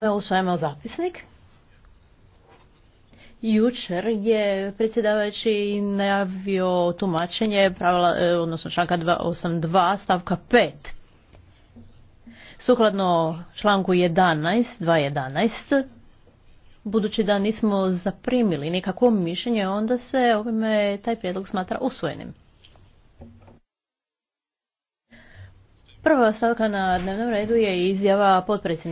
Usvajamo zapisnik. Jučer je predsjedavajući najavio tumačenje pravila, e, odnosno članka 282 stavka 5. Sukladno članku 11, 211, budući da nismo zaprimili nikakvo mišljenje, onda se ovime taj prijedlog smatra usvojenim. Prva stavka na dnevnom redu je izjava potpredsjednika.